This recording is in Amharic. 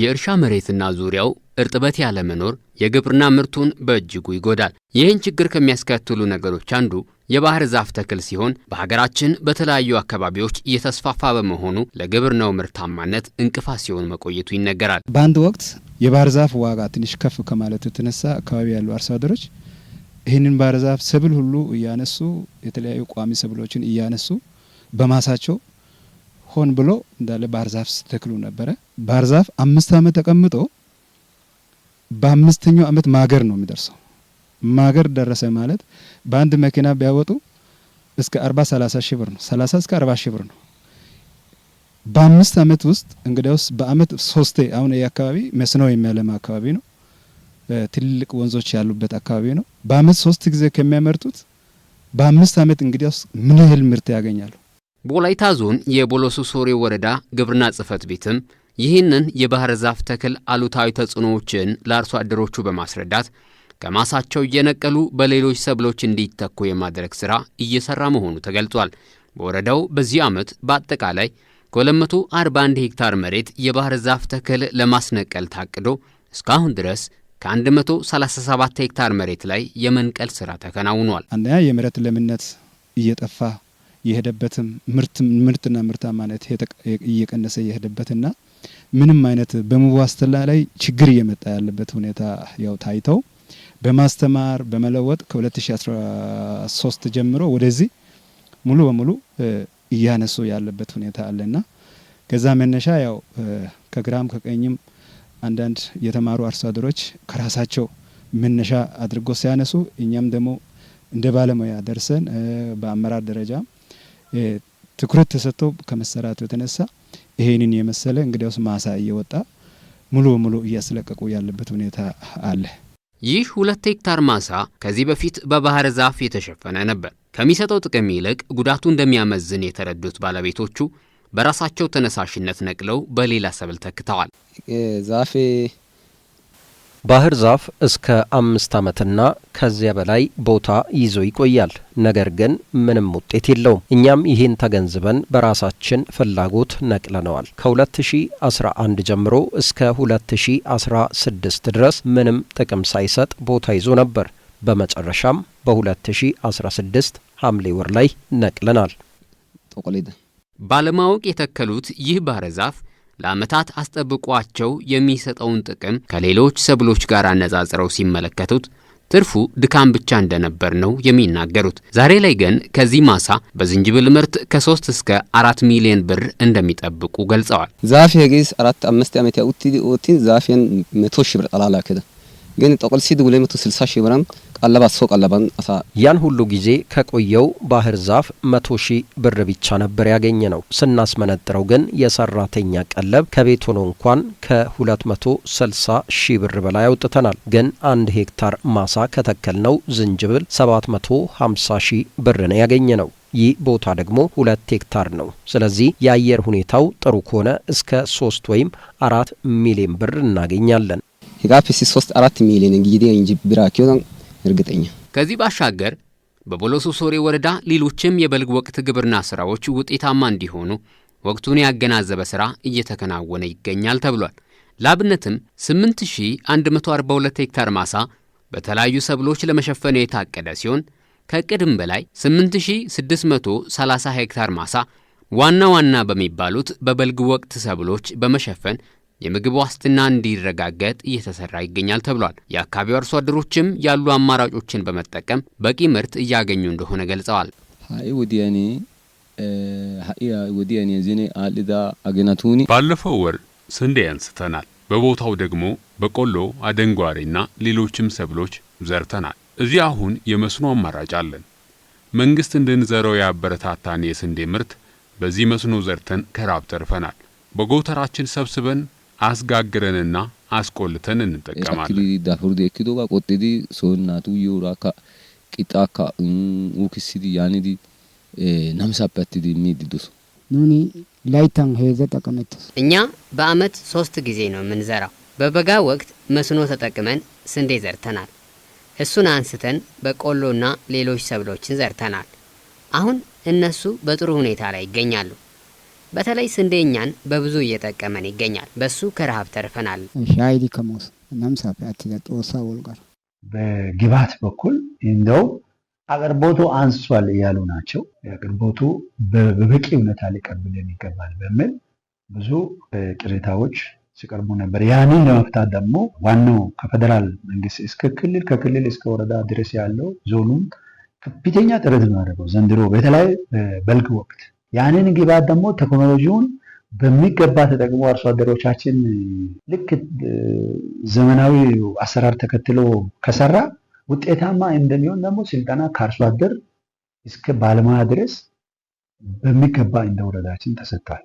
የእርሻ መሬትና ዙሪያው እርጥበት ያለመኖር የግብርና ምርቱን በእጅጉ ይጎዳል። ይህን ችግር ከሚያስከትሉ ነገሮች አንዱ የባህር ዛፍ ተክል ሲሆን በሀገራችን በተለያዩ አካባቢዎች እየተስፋፋ በመሆኑ ለግብርናው ምርታማነት እንቅፋት ሲሆን መቆየቱ ይነገራል። በአንድ ወቅት የባህር ዛፍ ዋጋ ትንሽ ከፍ ከማለቱ የተነሳ አካባቢ ያሉ አርሶ አደሮች ይህንን ባህር ዛፍ ሰብል ሁሉ እያነሱ የተለያዩ ቋሚ ሰብሎችን እያነሱ በማሳቸው ሆን ብሎ እንዳለ ባህር ዛፍ ስተክሉ ነበረ። ባህር ዛፍ አምስት ዓመት ተቀምጦ በአምስተኛው ዓመት ማገር ነው የሚደርሰው። ማገር ደረሰ ማለት በአንድ መኪና ቢያወጡ እስከ አርባ ሰላሳ ሺህ ብር ነው። ሰላሳ እስከ አርባ ሺህ ብር ነው። በአምስት ዓመት ውስጥ እንግዲያውስ በአመት ሶስቴ አሁን ይህ አካባቢ መስኖ የሚያለማ አካባቢ ነው። ትልልቅ ወንዞች ያሉበት አካባቢ ነው። በአመት ሶስት ጊዜ ከሚያመርቱት በአምስት ዓመት እንግዲያውስ ምን ያህል ምርት ያገኛሉ? በወላይታ ዞን የቦሎሶ ሶሬ ወረዳ ግብርና ጽህፈት ቤትም ይህንን የባህር ዛፍ ተክል አሉታዊ ተጽዕኖዎችን ለአርሶ አደሮቹ በማስረዳት ከማሳቸው እየነቀሉ በሌሎች ሰብሎች እንዲተኩ የማድረግ ሥራ እየሠራ መሆኑ ተገልጿል። በወረዳው በዚህ ዓመት በአጠቃላይ ከ241 ሄክታር መሬት የባህር ዛፍ ተክል ለማስነቀል ታቅዶ እስካሁን ድረስ ከ137 ሄክታር መሬት ላይ የመንቀል ሥራ ተከናውኗል። አንደኛ የመሬት ለምነት እየጠፋ የሄደበትም ምርትና ምርታማነት እየቀነሰ የሄደበትና ምንም አይነት በመዋስተላ ላይ ችግር እየመጣ ያለበት ሁኔታ ያው ታይተው በማስተማር በመለወጥ ከ2013 ጀምሮ ወደዚህ ሙሉ በሙሉ እያነሱ ያለበት ሁኔታ አለና ከዛ መነሻ ያው ከግራም ከቀኝም አንዳንድ የተማሩ አርሶ አደሮች ከራሳቸው መነሻ አድርጎ ሲያነሱ እኛም ደግሞ እንደ ባለሙያ ደርሰን በአመራር ደረጃ ትኩረት ተሰጥቶ ከመሰራቱ የተነሳ ይሄንን የመሰለ እንግዲያውስ ማሳ እየወጣ ሙሉ በሙሉ እያስለቀቁ ያለበት ሁኔታ አለ። ይህ ሁለት ሄክታር ማሳ ከዚህ በፊት በባህር ዛፍ የተሸፈነ ነበር። ከሚሰጠው ጥቅም ይልቅ ጉዳቱ እንደሚያመዝን የተረዱት ባለቤቶቹ በራሳቸው ተነሳሽነት ነቅለው በሌላ ሰብል ተክተዋል። ዛፌ ባህር ዛፍ እስከ አምስት ዓመትና ከዚያ በላይ ቦታ ይዞ ይቆያል። ነገር ግን ምንም ውጤት የለውም። እኛም ይህን ተገንዝበን በራሳችን ፍላጎት ነቅለነዋል። ከ2011 ጀምሮ እስከ 2016 ድረስ ምንም ጥቅም ሳይሰጥ ቦታ ይዞ ነበር። በመጨረሻም በ2016 ሐምሌ ወር ላይ ነቅለናል። ባለማወቅ የተከሉት ይህ ባህረ ዛፍ ለዓመታት አስጠብቋቸው የሚሰጠውን ጥቅም ከሌሎች ሰብሎች ጋር አነጻጽረው ሲመለከቱት ትርፉ ድካም ብቻ እንደነበር ነው የሚናገሩት። ዛሬ ላይ ግን ከዚህ ማሳ በዝንጅብል ምርት ከ3 እስከ 4 ሚሊዮን ብር እንደሚጠብቁ ገልጸዋል። ዛፌ ጊስ አራት አምስት ዓመት ያውቲ ኦቲን ዛፌን መቶ ሺ ብር ጠላላ ግን ጠቅልሲድ 260 ሺህ ብራን ቀለባ ሰው ቀለባን አሳ ያን ሁሉ ጊዜ ከቆየው ባህር ዛፍ 100 ሺህ ብር ብቻ ነበር ያገኘ ነው። ስናስመነጥረው ግን የሰራተኛ ቀለብ ከቤት ሆኖ እንኳን ከ260 ሺህ ብር በላይ አውጥተናል። ግን አንድ ሄክታር ማሳ ከተከልነው ዝንጅብል 750 ሺህ ብር ነው ያገኘ ነው። ይህ ቦታ ደግሞ ሁለት ሄክታር ነው። ስለዚህ የአየር ሁኔታው ጥሩ ከሆነ እስከ ሶስት ወይም አራት ሚሊዮን ብር እናገኛለን። ሂጋፍ ሲ 3 4 ሚሊዮን እንግዲህ እንጂ ኪዮን እርግጠኛ። ከዚህ ባሻገር በቦሎሶ ሶሬ ወረዳ ሌሎችም የበልግ ወቅት ግብርና ስራዎች ውጤታማ እንዲሆኑ ወቅቱን ያገናዘበ ስራ እየተከናወነ ይገኛል ተብሏል። ላብነትም 8142 ሄክታር ማሳ በተለያዩ ሰብሎች ለመሸፈን የታቀደ ሲሆን ከቅድም በላይ 8630 ሄክታር ማሳ ዋና ዋና በሚባሉት በበልግ ወቅት ሰብሎች በመሸፈን የምግብ ዋስትና እንዲረጋገጥ እየተሰራ ይገኛል ተብሏል። የአካባቢው አርሶ አደሮችም ያሉ አማራጮችን በመጠቀም በቂ ምርት እያገኙ እንደሆነ ገልጸዋል። ባለፈው ወር ስንዴ አንስተናል። በቦታው ደግሞ በቆሎ፣ አደንጓሬና ሌሎችም ሰብሎች ዘርተናል። እዚህ አሁን የመስኖ አማራጭ አለን። መንግስት እንድንዘረው ያበረታታን የስንዴ ምርት በዚህ መስኖ ዘርተን ከራብ ተርፈናል። በጎተራችን ሰብስበን አስጋግረንና አስቆልተን እንጠቀማለን። እኛ በአመት ሶስት ጊዜ ነው የምንዘራው። በበጋ ወቅት መስኖ ተጠቅመን ስንዴ ዘርተናል። እሱን አንስተን በቆሎና ሌሎች ሰብሎችን ዘርተናል። አሁን እነሱ በጥሩ ሁኔታ ላይ ይገኛሉ። በተለይ ስንዴኛን በብዙ እየጠቀመን ይገኛል። በሱ ከረሃብ ተርፈናል። ሻይዲ ከሞስ እናምሳፊያት አትለጦሳ ወልጓል። በግባት በኩል እንደው አቅርቦቱ አንስቷል እያሉ ናቸው። አቅርቦቱ በበቂ እውነታ ሊቀብልን ይገባል በሚል ብዙ ቅሬታዎች ሲቀርቡ ነበር። ያንን ለመፍታት ደግሞ ዋናው ከፌደራል መንግስት እስከ ክልል ከክልል እስከ ወረዳ ድረስ ያለው ዞኑም ከፍተኛ ጥረት ነው ያደረገው። ዘንድሮ በተለይ በልግ ወቅት ያንን ግብዓት ደግሞ ቴክኖሎጂውን በሚገባ ተጠቅሞ አርሶ አደሮቻችን ልክ ዘመናዊ አሰራር ተከትሎ ከሰራ ውጤታማ እንደሚሆን ደግሞ ስልጠና ከአርሶ አደር እስከ ባለሙያ ድረስ በሚገባ እንደ ወረዳችን ተሰጥቷል።